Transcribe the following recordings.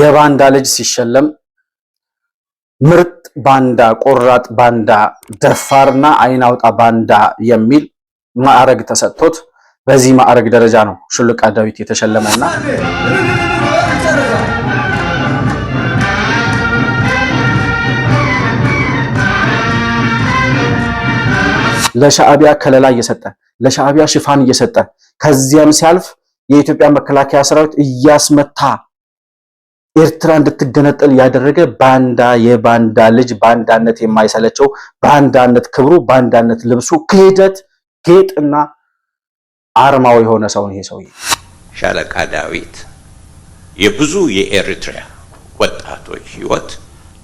የባንዳ ልጅ ሲሸለም ምርጥ ባንዳ፣ ቆራጥ ባንዳ፣ ደፋርና አይናውጣ ባንዳ የሚል ማዕረግ ተሰጥቶት በዚህ ማዕረግ ደረጃ ነው ሹልቃ ዳዊት የተሸለመና ለሻዕቢያ ከለላ እየሰጠ ለሻዕቢያ ሽፋን እየሰጠ ከዚያም ሲያልፍ የኢትዮጵያ መከላከያ ሰራዊት እያስመታ ኤርትራ እንድትገነጠል ያደረገ ባንዳ የባንዳ ልጅ ባንዳነት የማይሰለቸው ባንዳነት ክብሩ ባንዳነት ልብሱ ክህደት ጌጥና አርማው የሆነ ሰው ይሄ ሰውዬ ሻለቃ ዳዊት የብዙ የኤሪትሪያ ወጣቶች ህይወት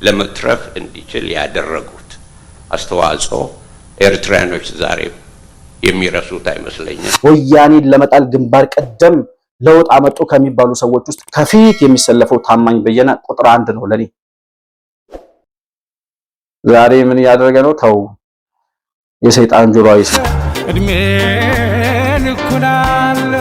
ለመትረፍ እንዲችል ያደረጉት አስተዋጽኦ ኤርትራያኖች ዛሬ የሚረሱት አይመስለኝም። ወያኔን ለመጣል ግንባር ቀደም ለውጥ አመጡ ከሚባሉ ሰዎች ውስጥ ከፊት የሚሰለፈው ታማኝ በየነ ቁጥር አንድ ነው ለኔ። ዛሬ ምን እያደረገ ነው? ተው የሰይጣን ጆሮ አይስ እድሜ ልኩን አለ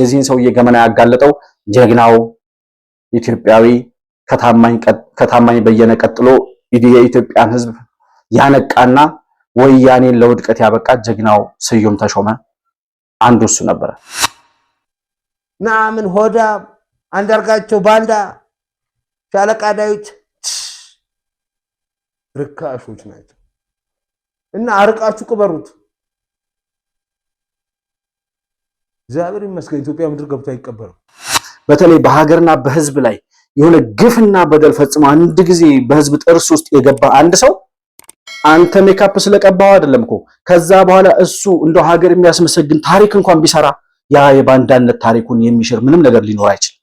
የዚህን ሰውዬ ገመና ያጋለጠው ጀግናው ኢትዮጵያዊ ከታማኝ በየነ ቀጥሎ የኢትዮጵያን ህዝብ ያነቃና ወያኔን ለውድቀት ያበቃ ጀግናው ስዩም ተሾመ አንዱ እሱ ነበረ። ናምን ሆዳ አንዳርጋቸው ባንዳ፣ ሻለቃ ዳዊት ርካሾች ናቸው እና አርቃችሁ ቅበሩት። እግዚአብሔር ይመስገን ኢትዮጵያ ምድር ገብቶ አይቀበርም። በተለይ በሀገርና በህዝብ ላይ የሆነ ግፍና በደል ፈጽሞ አንድ ጊዜ በህዝብ ጥርስ ውስጥ የገባ አንድ ሰው አንተ ሜካፕ ስለቀባው አይደለም እኮ ከዛ በኋላ እሱ እንደ ሀገር የሚያስመሰግን ታሪክ እንኳን ቢሰራ ያ የባንዳነት ታሪኩን የሚሽር ምንም ነገር ሊኖር አይችልም።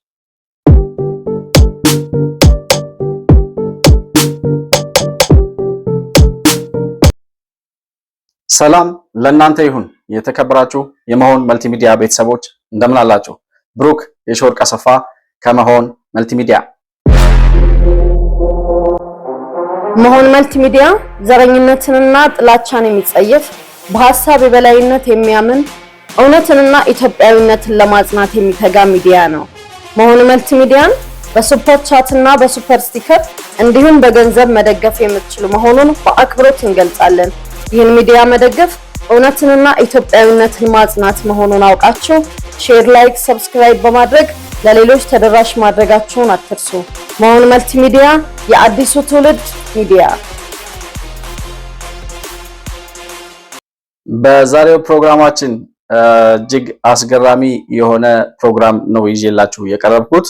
ሰላም ለእናንተ ይሁን። የተከበራችሁ የመሆን መልቲሚዲያ ቤተሰቦች እንደምን አላችሁ? ብሩክ የሾርቀ ሰፋ ከመሆን መልቲሚዲያ መሆን መልቲሚዲያ ዘረኝነትንና ጥላቻን የሚጸየፍ በሀሳብ የበላይነት የሚያምን እውነትንና ኢትዮጵያዊነትን ለማጽናት የሚተጋ ሚዲያ ነው። መሆን መልቲሚዲያን በሱፐር ቻት እና በሱፐር ስቲከር እንዲሁም በገንዘብ መደገፍ የምትችሉ መሆኑን በአክብሮት እንገልጻለን። ይህን ሚዲያ መደገፍ እውነትንና ኢትዮጵያዊነትን ማጽናት መሆኑን አውቃችሁ ሼር፣ ላይክ፣ ሰብስክራይብ በማድረግ ለሌሎች ተደራሽ ማድረጋቸውን አትርሱ። መሆን መልቲሚዲያ የአዲሱ ትውልድ ሚዲያ። በዛሬው ፕሮግራማችን እጅግ አስገራሚ የሆነ ፕሮግራም ነው ይዤላችሁ የቀረብኩት።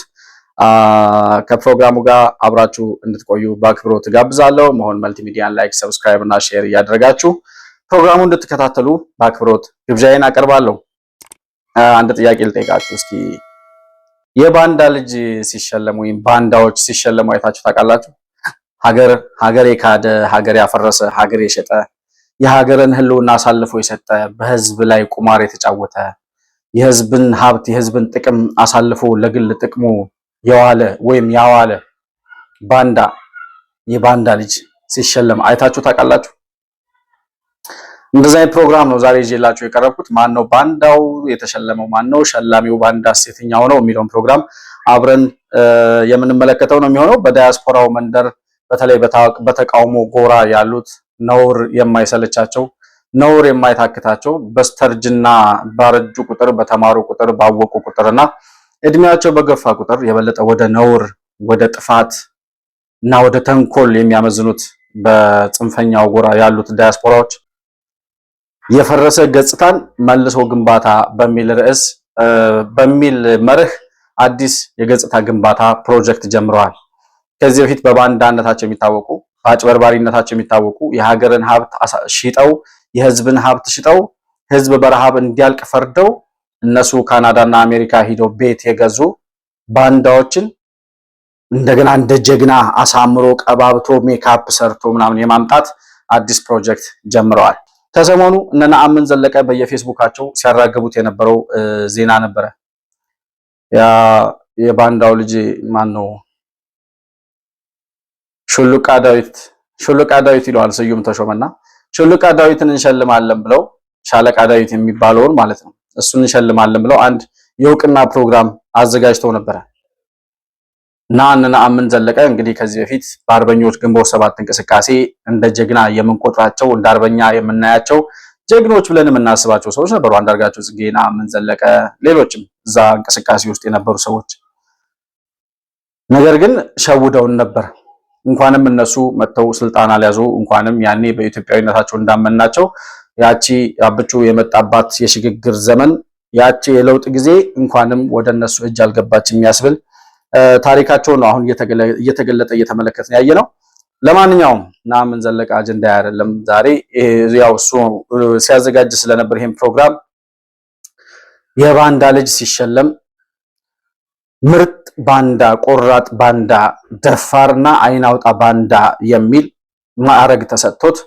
ከፕሮግራሙ ጋር አብራችሁ እንድትቆዩ በአክብሮት ጋብዛለሁ። መሆን መልቲሚዲያን ላይክ፣ ሰብስክራይብ እና ሼር እያደረጋችሁ ፕሮግራሙ እንድትከታተሉ በአክብሮት ግብዣዬን አቀርባለሁ። አንድ ጥያቄ ልጠይቃችሁ እስኪ የባንዳ ልጅ ሲሸለም ወይም ባንዳዎች ሲሸለሙ አይታችሁ ታውቃላችሁ? ሀገር ሀገር የካደ ሀገር ያፈረሰ ሀገር የሸጠ የሀገርን ሕልውና አሳልፎ የሰጠ በህዝብ ላይ ቁማር የተጫወተ የህዝብን ሀብት የህዝብን ጥቅም አሳልፎ ለግል ጥቅሙ የዋለ ወይም ያዋለ ባንዳ የባንዳ ልጅ ሲሸለም አይታችሁ ታውቃላችሁ? እንደዛ ፕሮግራም ነው ዛሬ ይዤላችሁ የቀረብኩት። ማን ነው ባንዳው? የተሸለመው ማን ነው? ሸላሚው ባንዳ የትኛው ነው የሚለውን ፕሮግራም አብረን የምንመለከተው ነው የሚሆነው። በዳያስፖራው መንደር በተለይ በተቃውሞ ጎራ ያሉት ነውር የማይሰለቻቸው ነውር የማይታክታቸው በስተርጅና ባረጁ ቁጥር በተማሩ ቁጥር ባወቁ ቁጥርና እድሜያቸው በገፋ ቁጥር የበለጠ ወደ ነውር ወደ ጥፋት እና ወደ ተንኮል የሚያመዝኑት በጽንፈኛው ጎራ ያሉት ዳያስፖራዎች የፈረሰ ገጽታን መልሶ ግንባታ በሚል ርዕስ በሚል መርህ አዲስ የገጽታ ግንባታ ፕሮጀክት ጀምረዋል። ከዚህ በፊት በባንዳነታቸው የሚታወቁ በአጭበርባሪነታቸው የሚታወቁ የሀገርን ሀብት ሽጠው የህዝብን ሀብት ሽጠው ህዝብ በረሃብ እንዲያልቅ ፈርደው እነሱ ካናዳና አሜሪካ ሂደው ቤት የገዙ ባንዳዎችን እንደገና እንደ ጀግና አሳምሮ ቀባብቶ ሜካፕ ሰርቶ ምናምን የማምጣት አዲስ ፕሮጀክት ጀምረዋል። ከሰሞኑ እነ ነአምን ዘለቀ በየፌስቡካቸው ሲያራግቡት የነበረው ዜና ነበረ። ያ የባንዳው ልጅ ማን ነው? ሹሉቃ ዳዊት ሹሉቃ ዳዊት ይለዋል ስዩም ተሾመና ሹሉቃ ዳዊትን እንሸልማለን ብለው ሻለቃ ዳዊት የሚባለውን ማለት ነው እሱን እንሸልማለን ብለው አንድ የእውቅና ፕሮግራም አዘጋጅተው ነበረ። ናን ነአምን ዘለቀ እንግዲህ ከዚህ በፊት በአርበኞች ግንቦት ሰባት እንቅስቃሴ እንደ ጀግና የምንቆጥራቸው እንደ አርበኛ የምናያቸው ጀግኖች ብለን የምናስባቸው ሰዎች ነበሩ። አንዳርጋቸው ጽጌ፣ ነአምን ዘለቀ፣ ሌሎችም እዛ እንቅስቃሴ ውስጥ የነበሩ ሰዎች ነገር ግን ሸውደውን ነበር። እንኳንም እነሱ መጥተው ስልጣን አልያዙ፣ እንኳንም ያኔ በኢትዮጵያዊነታቸው እንዳመናቸው ያቺ አብቹ የመጣባት የሽግግር ዘመን ያቺ የለውጥ ጊዜ እንኳንም ወደ እነሱ እጅ አልገባች የሚያስብል ታሪካቸውን ነው አሁን እየተገለጠ እየተመለከትን ያየ ነው። ለማንኛውም ናምን ዘለቀ አጀንዳ አይደለም ዛሬ ያው እሱ ሲያዘጋጅ ስለነበር ይሄን ፕሮግራም የባንዳ ልጅ ሲሸለም ምርጥ ባንዳ፣ ቆራጥ ባንዳ፣ ደፋርና አይናውጣ ባንዳ የሚል ማዕረግ ተሰጥቶት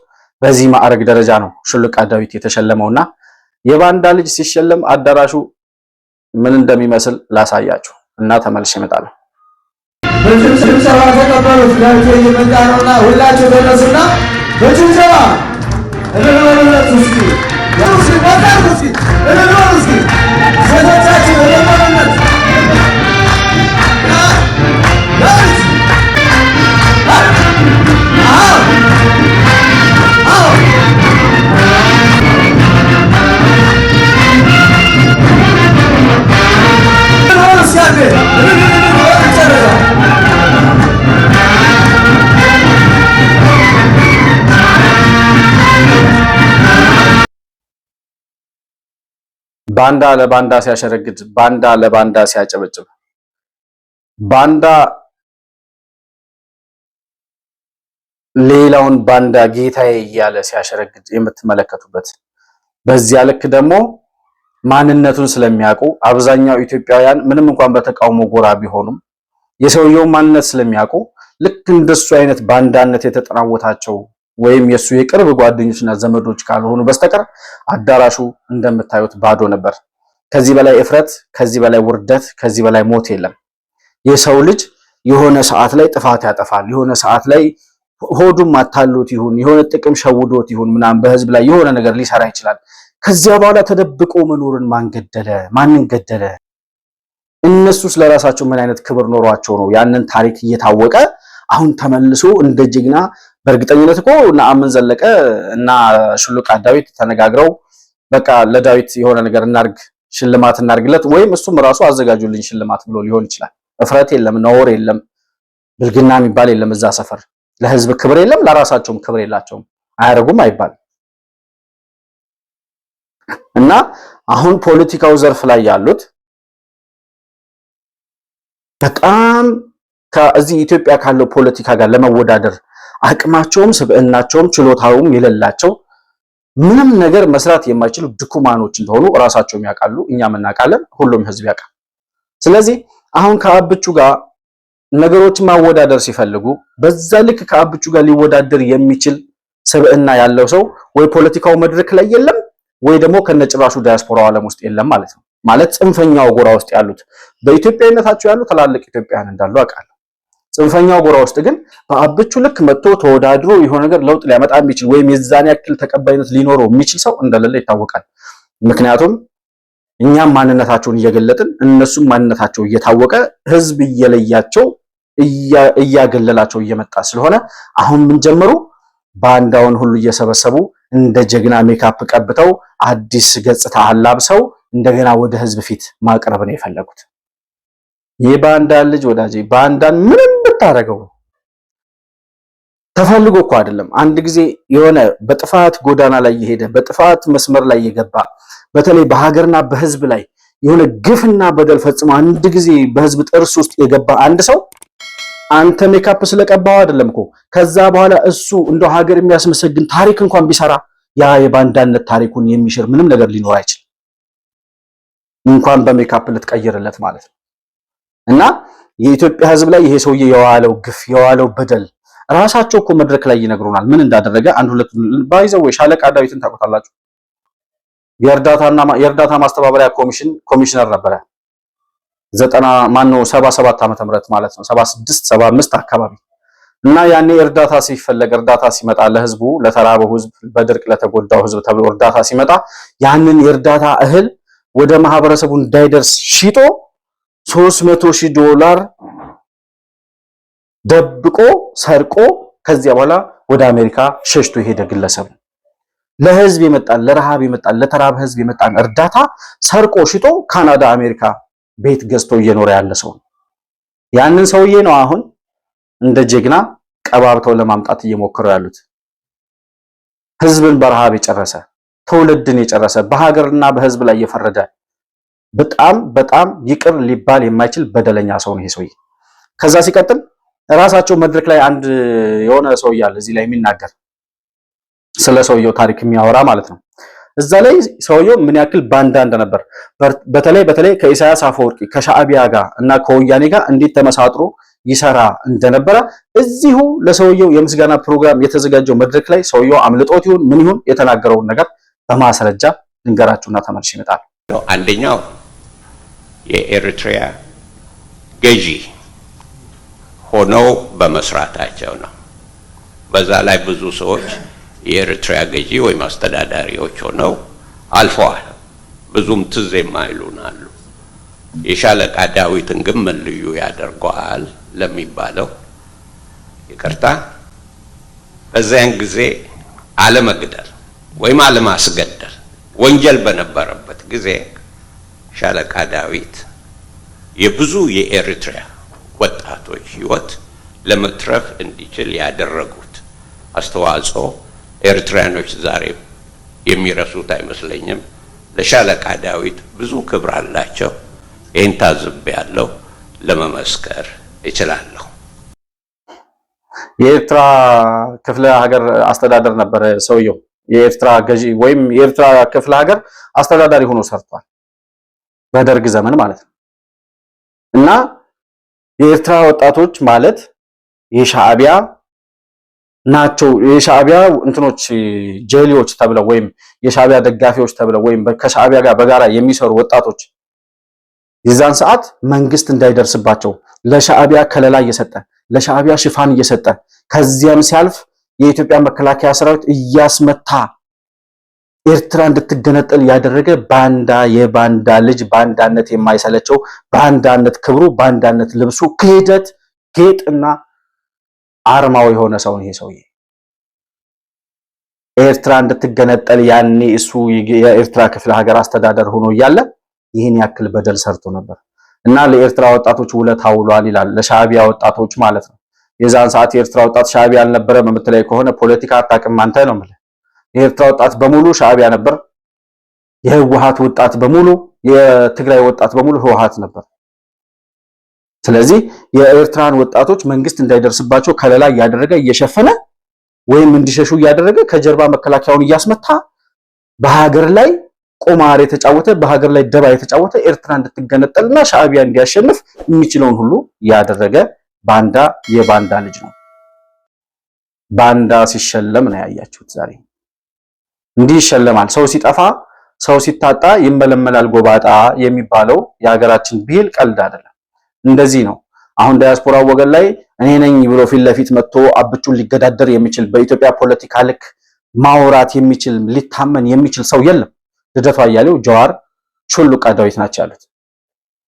በዚህ ማዕረግ ደረጃ ነው ሹልቃ ዳዊት የተሸለመውና የባንዳ ልጅ ሲሸለም አዳራሹ ምን እንደሚመስል ላሳያችሁ። እና ተመልሼ እመጣለሁ። በጭብጨባ ተቀበሉ። ስጋቸው እየመጣ ነውና ሁላችሁ ደረሱና በጭብጨባ ባንዳ ለባንዳ ሲያሸረግድ፣ ባንዳ ለባንዳ ሲያጨበጭብ፣ ባንዳ ሌላውን ባንዳ ጌታዬ እያለ ሲያሸረግድ የምትመለከቱበት በዚያ ልክ ደግሞ ማንነቱን ስለሚያውቁ አብዛኛው ኢትዮጵያውያን ምንም እንኳን በተቃውሞ ጎራ ቢሆኑም የሰውየውን ማንነት ስለሚያውቁ ልክ እንደሱ አይነት ባንዳነት የተጠናወታቸው ወይም የሱ የቅርብ ጓደኞችና ዘመዶች ካልሆኑ በስተቀር አዳራሹ እንደምታዩት ባዶ ነበር። ከዚህ በላይ እፍረት፣ ከዚህ በላይ ውርደት፣ ከዚህ በላይ ሞት የለም። የሰው ልጅ የሆነ ሰዓት ላይ ጥፋት ያጠፋል። የሆነ ሰዓት ላይ ሆዱም አታሎት ይሁን የሆነ ጥቅም ሸውዶት ይሁን ምናምን በህዝብ ላይ የሆነ ነገር ሊሰራ ይችላል። ከዚያ በኋላ ተደብቆ መኖርን ማን ገደለ? ማንን ገደለ? እነሱስ ለራሳቸው ምን አይነት ክብር ኖሯቸው ነው ያንን ታሪክ እየታወቀ አሁን ተመልሶ እንደ ጀግና በእርግጠኝነት እኮ ነአምን ዘለቀ እና ሽሉቃ ዳዊት ተነጋግረው በቃ ለዳዊት የሆነ ነገር እናርግ ሽልማት እናርግለት ወይም እሱም ራሱ አዘጋጁልኝ ሽልማት ብሎ ሊሆን ይችላል። እፍረት የለም፣ ነውር የለም፣ ብልግና የሚባል የለም። እዛ ሰፈር ለህዝብ ክብር የለም፣ ለራሳቸውም ክብር የላቸውም። አያደርጉም አይባልም። እና አሁን ፖለቲካው ዘርፍ ላይ ያሉት በጣም ከዚህ ኢትዮጵያ ካለው ፖለቲካ ጋር ለመወዳደር አቅማቸውም ስብዕናቸውም ችሎታውም የሌላቸው ምንም ነገር መስራት የማይችሉ ድኩማኖች እንደሆኑ እራሳቸውም ያውቃሉ፣ እኛም እናውቃለን፣ ሁሉም ህዝብ ያውቃል። ስለዚህ አሁን ከአብቹ ጋር ነገሮችን ማወዳደር ሲፈልጉ በዛ ልክ ከአብቹ ጋር ሊወዳደር የሚችል ስብዕና ያለው ሰው ወይ ፖለቲካው መድረክ ላይ የለም ወይ ደግሞ ከነጭራሹ ዳያስፖራው ዓለም ውስጥ የለም ማለት ነው። ማለት ጽንፈኛው ጎራ ውስጥ ያሉት በኢትዮጵያዊነታቸው ያሉ ትላልቅ ኢትዮጵያውያን እንዳሉ አውቃለሁ። ጽንፈኛው ጎራ ውስጥ ግን በአብቹ ልክ መጥቶ ተወዳድሮ የሆነ ነገር ለውጥ ሊያመጣ የሚችል ወይም የዛን ያክል ተቀባይነት ሊኖረው የሚችል ሰው እንደሌለ ይታወቃል። ምክንያቱም እኛም ማንነታቸውን እየገለጥን እነሱም ማንነታቸው እየታወቀ ህዝብ እየለያቸው እያገለላቸው እየመጣ ስለሆነ አሁን ምን ጀመሩ? ባንዳውን ሁሉ እየሰበሰቡ እንደ ጀግና ሜካፕ ቀብተው አዲስ ገጽታ አላብሰው እንደገና ወደ ህዝብ ፊት ማቅረብ ነው የፈለጉት። ባንዳን ልጅ ወዳጄ ባንዳን ምንም ብታደርገው ተፈልጎ እኮ አይደለም። አንድ ጊዜ የሆነ በጥፋት ጎዳና ላይ የሄደ በጥፋት መስመር ላይ የገባ በተለይ በሀገርና በህዝብ ላይ የሆነ ግፍና በደል ፈጽሞ አንድ ጊዜ በህዝብ ጥርስ ውስጥ የገባ አንድ ሰው አንተ ሜካፕ ስለቀባው አይደለም እኮ ከዛ በኋላ እሱ እንደ ሀገር የሚያስመሰግን ታሪክ እንኳን ቢሰራ ያ የባንዳነት ታሪኩን የሚሽር ምንም ነገር ሊኖር አይችልም። እንኳን በሜካፕ ልትቀይርለት ማለት ነው። እና የኢትዮጵያ ሕዝብ ላይ ይሄ ሰውዬ የዋለው ግፍ የዋለው በደል ራሳቸው እኮ መድረክ ላይ ይነግሩናል ምን እንዳደረገ። አንድ ሁለት ባይዘው ሻለቃ ዳዊትን ታውቁታላችሁ? የእርዳታና የእርዳታ ማስተባበሪያ ኮሚሽን ኮሚሽነር ነበረ። ዘጠና ማነው ሰባ ሰባት ዓመተ ምህረት ማለት ነው ሰባ ስድስት ሰባ አምስት አካባቢ እና ያኔ እርዳታ ሲፈለግ እርዳታ ሲመጣ ለህዝቡ ለተራበው ህዝብ በድርቅ ለተጎዳው ህዝብ ተብሎ እርዳታ ሲመጣ ያንን የእርዳታ እህል ወደ ማህበረሰቡ እንዳይደርስ ሽጦ ሶስት መቶ ሺህ ዶላር ደብቆ ሰርቆ ከዚያ በኋላ ወደ አሜሪካ ሸሽቶ የሄደ ግለሰብ ለህዝብ የመጣን ለረሃብ የመጣን ለተራበ ህዝብ የመጣን እርዳታ ሰርቆ ሽጦ ካናዳ አሜሪካ ቤት ገዝቶ እየኖረ ያለ ሰው ነው። ያንን ሰውዬ ነው አሁን እንደ ጀግና ቀባብተው ለማምጣት እየሞከሩ ያሉት። ህዝብን በረሃብ የጨረሰ ትውልድን የጨረሰ በሀገርና በህዝብ ላይ እየፈረደ በጣም በጣም ይቅር ሊባል የማይችል በደለኛ ሰው ነው ይሄ ሰውዬ። ከዛ ሲቀጥል ራሳቸው መድረክ ላይ አንድ የሆነ ሰው አለ እዚህ ላይ የሚናገር ስለ ሰውየው ታሪክ የሚያወራ ማለት ነው። እዛ ላይ ሰውየው ምን ያክል ባንዳ እንደነበር በተለይ በተለይ ከኢሳያስ አፈወርቂ ከሻዕቢያ ጋር እና ከወያኔ ጋር እንዴት ተመሳጥሮ ይሰራ እንደነበረ እዚሁ ለሰውየው የምስጋና ፕሮግራም የተዘጋጀው መድረክ ላይ ሰውየው አምልጦት ይሁን ምን ይሁን የተናገረውን ነገር በማስረጃ ልንገራችሁና ተመልሼ እመጣለሁ። አንደኛው የኤርትሪያ ገዢ ሆነው በመስራታቸው ነው። በዛ ላይ ብዙ ሰዎች የኤርትራ ገዢ ወይም አስተዳዳሪዎች ሆነው አልፈዋል። ብዙም ትዝ የማይሉን አሉ። የሻለቃ ዳዊትን ግን ምን ልዩ ያደርገዋል ለሚባለው ይቅርታ፣ በዚያን ጊዜ አለመግደል ወይም አለማስገደል ወንጀል በነበረበት ጊዜ ሻለቃ ዳዊት የብዙ የኤሪትሪያ ወጣቶች ሕይወት ለመትረፍ እንዲችል ያደረጉት አስተዋጽኦ ኤርትራያኖች ዛሬ የሚረሱት አይመስለኝም። ለሻለቃ ዳዊት ብዙ ክብር አላቸው። ይህን ታዝብ ያለው ለመመስከር እችላለሁ። የኤርትራ ክፍለ ሀገር አስተዳደር ነበረ ሰውየው። የኤርትራ ገዢ ወይም የኤርትራ ክፍለ ሀገር አስተዳዳሪ ሆኖ ሰርቷል በደርግ ዘመን ማለት ነው። እና የኤርትራ ወጣቶች ማለት የሻዕቢያ ናቸው የሻዕቢያ እንትኖች ጄሊዎች ተብለው ወይም የሻዕቢያ ደጋፊዎች ተብለው ወይም ከሻዕቢያ ጋር በጋራ የሚሰሩ ወጣቶች የዛን ሰዓት መንግስት እንዳይደርስባቸው ለሻዕቢያ ከለላ እየሰጠ ለሻዕቢያ ሽፋን እየሰጠ ከዚያም ሲያልፍ የኢትዮጵያ መከላከያ ሰራዊት እያስመታ ኤርትራ እንድትገነጠል ያደረገ ባንዳ የባንዳ ልጅ ባንዳነት የማይሰለቸው ባንዳነት ክብሩ ባንዳነት ልብሱ ክህደት ጌጥና አርማው የሆነ ሰው ይሄ ሰውዬ ኤርትራ እንድትገነጠል ያኔ እሱ የኤርትራ ክፍለ ሀገር አስተዳደር ሆኖ እያለ ይህን ያክል በደል ሰርቶ ነበር እና ለኤርትራ ወጣቶች ውለታ ውሏል ይላል። ለሻቢያ ወጣቶች ማለት ነው። የዛን ሰዓት የኤርትራ ወጣት ሻቢያ አልነበረም የምትለይ ከሆነ ፖለቲካ አታውቅም አንተ ነው የምልህ። የኤርትራ ወጣት በሙሉ ሻቢያ ነበር። የህወሓት ወጣት በሙሉ፣ የትግራይ ወጣት በሙሉ ህወሓት ነበር። ስለዚህ የኤርትራን ወጣቶች መንግስት እንዳይደርስባቸው ከለላ እያደረገ እየሸፈነ ወይም እንዲሸሹ እያደረገ ከጀርባ መከላከያውን እያስመታ በሀገር ላይ ቁማር የተጫወተ በሀገር ላይ ደባ የተጫወተ ኤርትራ እንድትገነጠልና ሻዕቢያ እንዲያሸንፍ የሚችለውን ሁሉ ያደረገ ባንዳ የባንዳ ልጅ ነው። ባንዳ ሲሸለም ነው ያያችሁት። ዛሬ እንዲህ ይሸለማል። ሰው ሲጠፋ ሰው ሲታጣ ይመለመላል ጎባጣ የሚባለው የሀገራችን ብሂል ቀልድ አይደለም። እንደዚህ ነው። አሁን ዳያስፖራ ወገን ላይ እኔ ነኝ ብሎ ፊት ለፊት መጥቶ አብቹን ሊገዳደር የሚችል በኢትዮጵያ ፖለቲካ ልክ ማውራት የሚችል ሊታመን የሚችል ሰው የለም። ልደቱ አያሌው፣ ጀዋር፣ ሹሉቃ ዳዊት ናቸው ያሉት።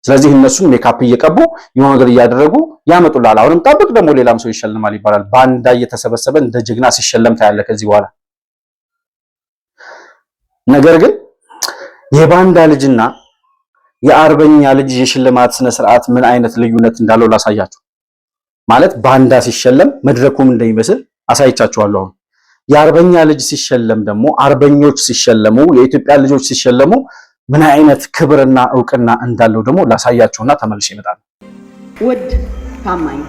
ስለዚህ እነሱን ሜካፕ እየቀቡ የሆነ ነገር እያደረጉ ያመጡላል። አሁንም ጠብቅ ደግሞ ሌላም ሰው ይሸልማል ይባላል። ባንዳ እየተሰበሰበ እንደ ጀግና ሲሸለም ታያለ ከዚህ በኋላ ነገር ግን የባንዳ ልጅና የአርበኛ ልጅ የሽልማት ስነ ስርዓት ምን አይነት ልዩነት እንዳለው ላሳያችሁ። ማለት ባንዳ ሲሸለም መድረኩም እንደሚመስል አሳይቻችኋለሁ። አሁን የአርበኛ ልጅ ሲሸለም ደግሞ አርበኞች ሲሸለሙ፣ የኢትዮጵያ ልጆች ሲሸለሙ ምን አይነት ክብርና እውቅና እንዳለው ደግሞ ላሳያችሁና ተመልሼ እመጣለሁ። ውድ ታማኝ፣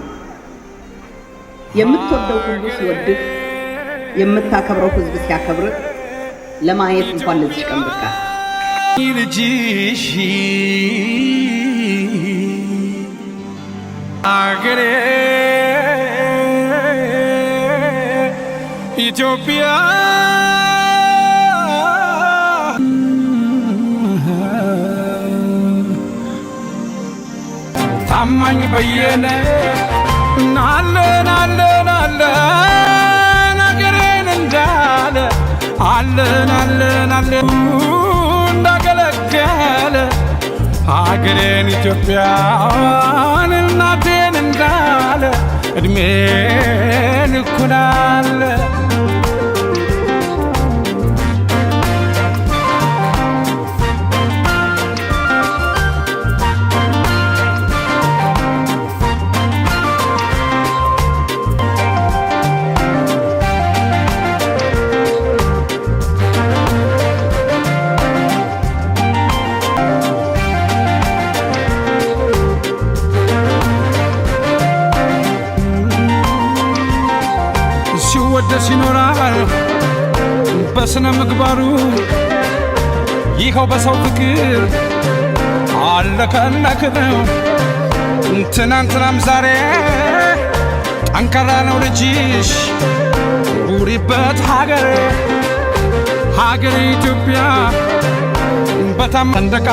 የምትወደው ሁሉ ሲወድህ፣ የምታከብረው ህዝብ ሲያከብርህ ለማየት እንኳን ለዚህ ቀን ልጅሽ አገሬ ኢትዮጵያ ታማኝ በየነ አለን አለን አለን አገሬን እንዳለ አለን አለን አለን ሀገሬን ኢትዮጵያን እናቴን እንዳለ እድሜን እኩል ስነ ምግባሩ ይኸው በሰው ፍቅር ነው። ትናንትናም ዛሬ ጠንካራ ነው ልጅሽ ውሪበት ሀገር ሀገር ኢትዮጵያ በጣም ሰንደቅ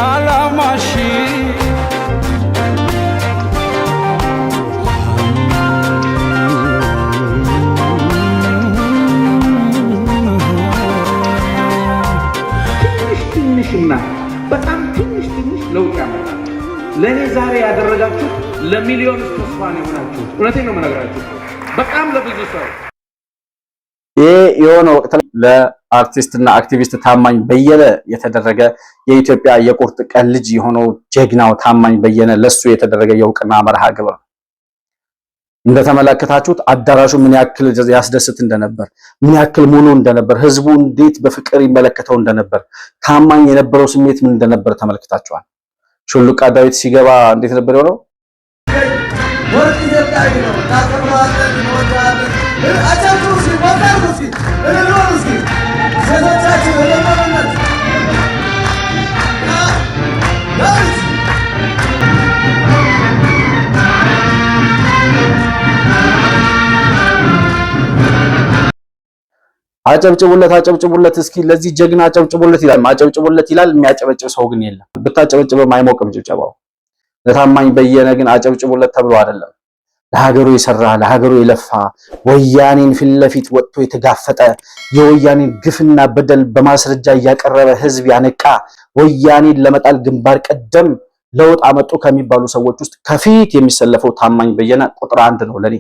ትንሽና በጣም ትንሽ ትንሽ ለውጥ ያመጣል። ለእኔ ዛሬ ያደረጋችሁ ለሚሊዮን ተስፋን ነው የሆናችሁት። እውነቴን ነው የምነግራችሁ በጣም ለብዙ ሰው ይህ የሆነ ወቅት ለአርቲስት ለአርቲስትና አክቲቪስት ታማኝ በየነ የተደረገ የኢትዮጵያ የቁርጥ ቀን ልጅ የሆነው ጀግናው ታማኝ በየነ ለሱ የተደረገ የእውቅና መርሃ ግብር እንደተመለከታችሁት አዳራሹ ምን ያክል ያስደስት እንደነበር፣ ምን ያክል ሙሉ እንደነበር፣ ህዝቡ እንዴት በፍቅር ይመለከተው እንደነበር፣ ታማኝ የነበረው ስሜት ምን እንደነበር ተመልክታችኋል። ሹሉቃ ዳዊት ሲገባ እንዴት ነበር የሆነው? አጨብጭቡለት አጨብጭቡለት፣ እስኪ ለዚህ ጀግና አጨብጭቡለት ይላል፣ ማጨብጭቡለት ይላል። የሚያጨበጭብ ሰው ግን የለም። ብታጨበጭብም አይሞቅም ጭብጨባው። ለታማኝ በየነ ግን አጨብጭቡለት ተብሎ አይደለም። ለሀገሩ የሰራ ለሀገሩ የለፋ ወያኔን ፊት ለፊት ወጥቶ የተጋፈጠ የወያኔን ግፍና በደል በማስረጃ እያቀረበ ህዝብ ያነቃ ወያኔን ለመጣል ግንባር ቀደም ለውጥ አመጡ ከሚባሉ ሰዎች ውስጥ ከፊት የሚሰለፈው ታማኝ በየነ ቁጥር አንድ ነው ለኔ።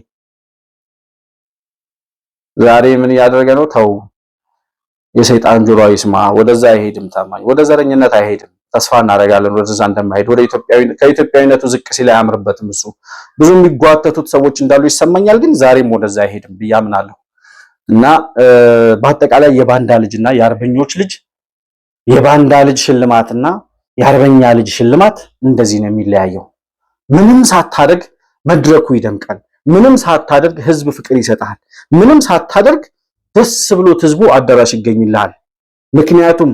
ዛሬ ምን እያደረገ ነው? ተው፣ የሰይጣን ጆሮ ይስማ። ወደዛ አይሄድም። ታማኝ ወደ ዘረኝነት አይሄድም። ተስፋ እናደርጋለን ወደዛ እንደማይሄድ ወደ ኢትዮጵያዊ ከኢትዮጵያዊነቱ ዝቅ ሲል አያምርበትም። እሱ ብዙ የሚጓተቱት ሰዎች እንዳሉ ይሰማኛል፣ ግን ዛሬም ወደዛ አይሄድም ብዬ አምናለሁ። እና በአጠቃላይ የባንዳ ልጅና የአርበኞች ልጅ የባንዳ ልጅ ሽልማትና የአርበኛ ልጅ ሽልማት እንደዚህ ነው የሚለያየው። ምንም ሳታደርግ መድረኩ ይደምቃል። ምንም ሳታደርግ ህዝብ ፍቅር ይሰጣል። ምንም ሳታደርግ ደስ ብሎት ህዝቡ አዳራሽ ይገኝልሃል። ምክንያቱም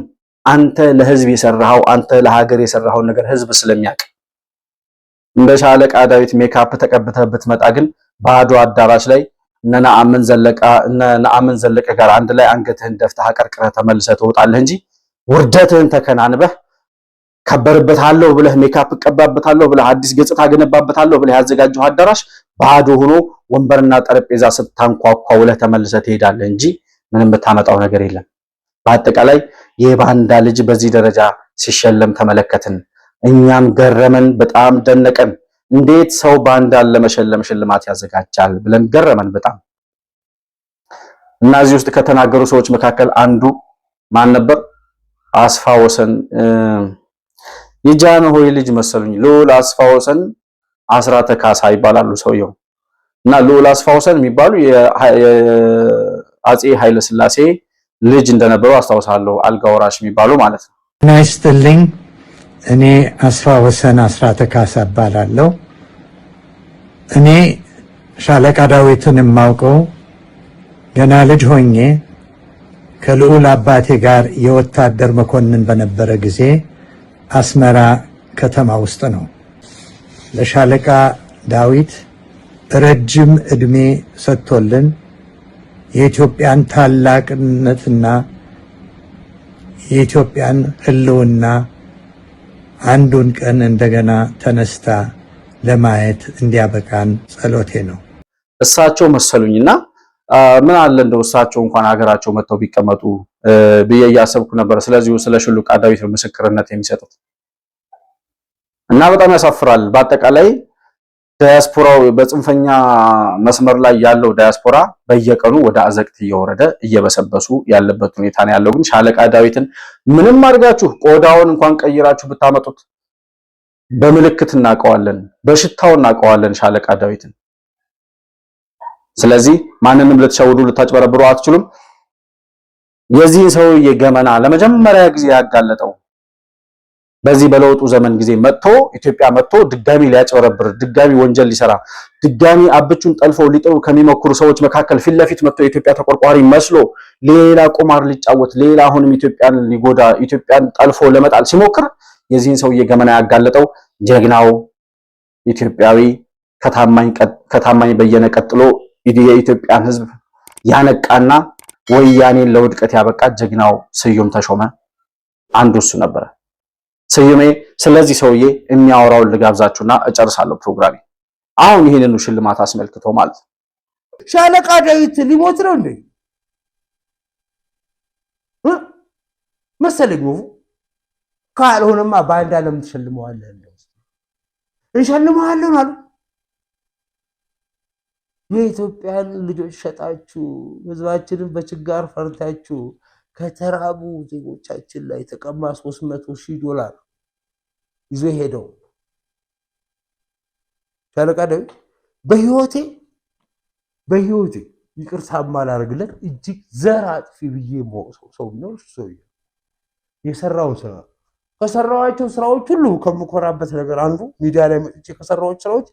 አንተ ለህዝብ የሰራኸው አንተ ለሀገር የሰራኸውን ነገር ህዝብ ስለሚያውቅ። እንደ ሻለቃ ዳዊት ሜካፕ ተቀብተህ ብትመጣ ግን ባዶ አዳራሽ ላይ እነ ነአምን ዘለቃ እነ ነአምን ዘለቀ ጋር አንድ ላይ አንገትህን ደፍተህ አቀርቅረህ ተመልሰህ ትወጣለህ እንጂ ውርደትህን ተከናንበህ ከበርበታለሁ ብለህ ሜካፕ እቀባበታለሁ ብለህ አዲስ ገጽታ ገነባበታለሁ ብለህ ያዘጋጀው አዳራሽ ባዶ ሆኖ ወንበርና ጠረጴዛ ስታንኳኳ ውለህ ተመልሰህ ትሄዳለህ እንጂ ምንም ብታመጣው ነገር የለም። በአጠቃላይ የባንዳ ልጅ በዚህ ደረጃ ሲሸለም ተመለከትን። እኛም ገረመን፣ በጣም ደነቀን። እንዴት ሰው ባንዳን ለመሸለም ሽልማት ያዘጋጃል ብለን ገረመን በጣም እና እዚህ ውስጥ ከተናገሩ ሰዎች መካከል አንዱ ማን ነበር? አስፋ ወሰን የጃንሆይ ልጅ መሰሉኝ ልዑል አስፋ ወሰን አስራተ ካሳ ይባላሉ ሰውየው እና ልዑል አስፋውሰን የሚባሉ የአፄ ኃይለ ስላሴ ልጅ እንደነበሩ አስታውሳለሁ። አልጋ ወራሽ የሚባሉ ማለት ነው። ጤና ይስጥልኝ። እኔ አስፋ ወሰን አስራተ ካሳ እባላለሁ። እኔ ሻለቃ ዳዊትን የማውቀው ገና ልጅ ሆኜ ከልዑል አባቴ ጋር የወታደር መኮንን በነበረ ጊዜ አስመራ ከተማ ውስጥ ነው። ለሻለቃ ዳዊት ረጅም ዕድሜ ሰጥቶልን የኢትዮጵያን ታላቅነትና የኢትዮጵያን ሕልውና አንዱን ቀን እንደገና ተነስታ ለማየት እንዲያበቃን ጸሎቴ ነው። እሳቸው መሰሉኝና ምን አለ እንደው እሳቸው እንኳን ሀገራቸው መጥተው ቢቀመጡ ብዬ እያሰብኩ ነበር። ስለዚሁ ስለ ሽሉቃ ዳዊት ምስክርነት የሚሰጡት እና በጣም ያሳፍራል። በአጠቃላይ ዳያስፖራው በጽንፈኛ መስመር ላይ ያለው ዳያስፖራ በየቀኑ ወደ አዘቅት እየወረደ እየበሰበሱ ያለበት ሁኔታ ነው ያለው። ግን ሻለቃ ዳዊትን ምንም አድርጋችሁ ቆዳውን እንኳን ቀይራችሁ ብታመጡት በምልክት እናውቀዋለን፣ በሽታው እናውቀዋለን ሻለቃ ዳዊትን። ስለዚህ ማንንም ልትሸውዱ ልታጭበረብሩ አትችሉም። የዚህን ሰውዬ ገመና ለመጀመሪያ ጊዜ ያጋለጠው በዚህ በለውጡ ዘመን ጊዜ መጥቶ ኢትዮጵያ መጥቶ ድጋሚ ሊያጭበረብር ድጋሚ ወንጀል ሊሰራ ድጋሚ አብቹን ጠልፎ ሊጥሩ ከሚሞክሩ ሰዎች መካከል ፊት ለፊት መጥቶ የኢትዮጵያ ተቆርቋሪ መስሎ ሌላ ቁማር ሊጫወት ሌላ አሁንም ኢትዮጵያን ሊጎዳ ኢትዮጵያን ጠልፎ ለመጣል ሲሞክር የዚህን ሰውዬ ገመና ያጋለጠው ጀግናው ኢትዮጵያዊ ከታማኝ በየነ ቀጥሎ የኢትዮጵያን ሕዝብ ያነቃና ወያኔን ለውድቀት ያበቃ ጀግናው ስዩም ተሾመ አንዱ እሱ ነበረ። ስዩሜ ስለዚህ ሰውዬ የሚያወራውን ልጋብዛችሁና እጨርሳለሁ ፕሮግራሜ። አሁን ይህንኑ ሽልማት አስመልክቶ ማለት ነው። ሻለቃ ዳዊት ሊሞት ነው እንዴ መሰለኝ። ወፉ ካልሆነማ በአንድ ዓለም ትሸልመዋለህ። እንሸልመዋለን አሉ። የኢትዮጵያን ልጆች ሸጣችሁ ህዝባችንን በችጋር ፈርታችሁ ከተራቡ ዜጎቻችን ላይ ተቀማ 300 ሺህ ዶላር ይዞ ሄደው ሻለቃ ዳዊት በህይወቴ በህይወቴ ይቅርታ ማላደርግለት እጅግ ዘር አጥፊ ብዬ የማወቅሰው ሰው ቢኖር ሰው የሰራውን ስራ ከሰራኋቸው ስራዎች ሁሉ ከምኮራበት ነገር አንዱ ሚዲያ ላይ መጥቼ ከሰራዎች ስራዎች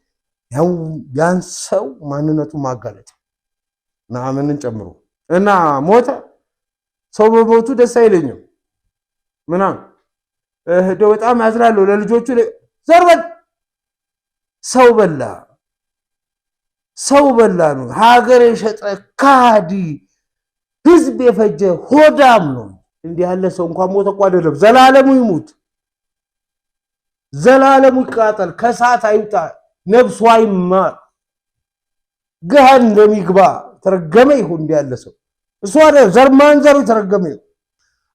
ያን ሰው ማንነቱ ማጋለጥ ነአምንን ጨምሮ እና ሞተ ሰው በሞቱ ደስ አይለኝም ምናምን እንደው በጣም አዝናለሁ ለልጆቹ ዘርበል ሰው በላ ሰው በላ ነው። ሀገር የሸጠ ካዲ፣ ህዝብ የፈጀ ሆዳም ነው። እንዲህ ያለ ሰው እንኳን ሞተ እኮ አይደለም። ዘላለሙ ይሙት፣ ዘላለሙ ይቃጠል፣ ከሳት አይውጣ፣ ነፍሱ አይማር፣ ገሃን ይግባ። ተረገመ ይሁን እንዲህ ያለ ሰው። እሱ አደ ዘር ማንዘሩ የተረገመ ይሁን።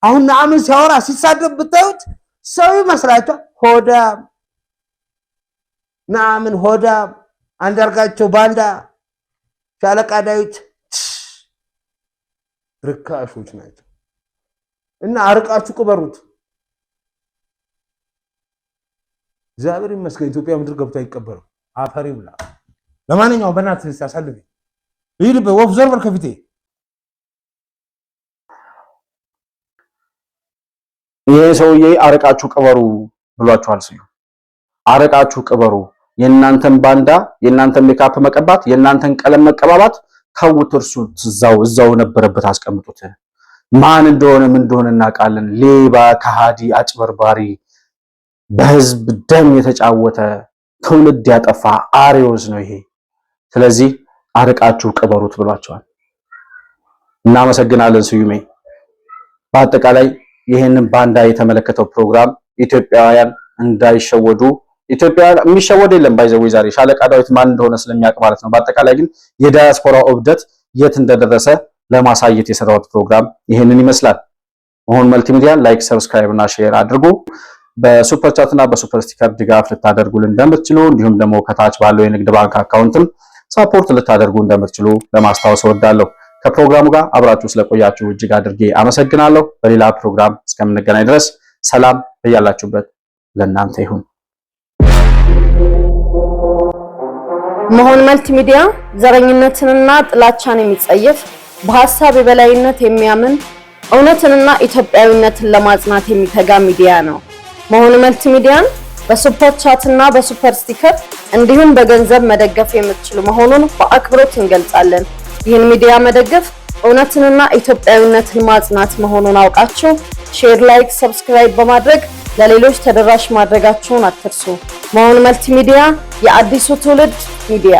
አሁን ነአምን ሲያወራ ሲሳደብ ብታዩት ሰው ይመስላችኋል። ሆዳም ነአምን ሆዳም፣ አንዳርጋቸው ባንዳ፣ ሻለቃ ዳዊት ርካሾች ናቸው እና አርቃችሁ ቅበሩት። እግዚአብሔር ይመስገን ኢትዮጵያ ምድር ገብቶ አይቀበርም። አፈሪ ብላ ለማንኛውም በእናትህ ሲያሳልፍ ይህ ልብ ወፍ ዘርበር ከፊቴ ይሄ ሰውዬ አረቃችሁ ቅበሩ ብሏችኋል። ሲሉ አረቃችሁ ቅበሩ። የእናንተን ባንዳ፣ የእናንተን ሜካፕ መቀባት፣ የእናንተን ቀለም መቀባባት ተውት፣ እርሱት፣ እዛው እዛው ነበረበት አስቀምጡት። ማን እንደሆነ ምን እንደሆነ እናውቃለን። ሌባ፣ ከሃዲ፣ አጭበርባሪ፣ በህዝብ ደም የተጫወተ ትውልድ ያጠፋ አሪዮዝ ነው ይሄ። ስለዚህ አርቃችሁ ቅበሩት ብሏቸዋል። እናመሰግናለን ስዩሜ በአጠቃላይ ይህንን ባንዳ የተመለከተው ፕሮግራም ኢትዮጵያውያን እንዳይሸወዱ ኢትዮጵያ የሚሸወድ የለም ባይዘው ዛሬ ሻለቃ ዳዊት ማን እንደሆነ ስለሚያውቅ ማለት ነው። በአጠቃላይ ግን የዳያስፖራ እብደት የት እንደደረሰ ለማሳየት የሰራሁት ፕሮግራም ይህንን ይመስላል። መሆን መልቲሚዲያ ላይክ፣ ሰብስክራይብ እና ሼር አድርጉ። በሱፐር ቻት እና በሱፐር ስቲከር ድጋፍ ልታደርጉልን እንደምትችሉ እንዲሁም ደግሞ ከታች ባለው የንግድ ባንክ አካውንትም ሳፖርት ልታደርጉ እንደምትችሉ ለማስታወስ እወዳለሁ። ከፕሮግራሙ ጋር አብራችሁ ስለቆያችሁ እጅግ አድርጌ አመሰግናለሁ። በሌላ ፕሮግራም እስከምንገናኝ ድረስ ሰላም በያላችሁበት ለእናንተ ይሁን። መሆን መልቲሚዲያ ሚዲያ ዘረኝነትንና ጥላቻን የሚጸየፍ በሀሳብ የበላይነት የሚያምን እውነትንና ኢትዮጵያዊነትን ለማጽናት የሚተጋ ሚዲያ ነው። መሆን መልቲሚዲያን በሱፐር ቻት እና በሱፐር ስቲከር እንዲሁም በገንዘብ መደገፍ የምትችሉ መሆኑን በአክብሮት እንገልጻለን። ይህን ሚዲያ መደገፍ እውነትንና ኢትዮጵያዊነትን ማጽናት መሆኑን አውቃችሁ ሼር፣ ላይክ፣ ሰብስክራይብ በማድረግ ለሌሎች ተደራሽ ማድረጋችሁን አትርሱ። መሆን መልቲሚዲያ የአዲሱ ትውልድ ሚዲያ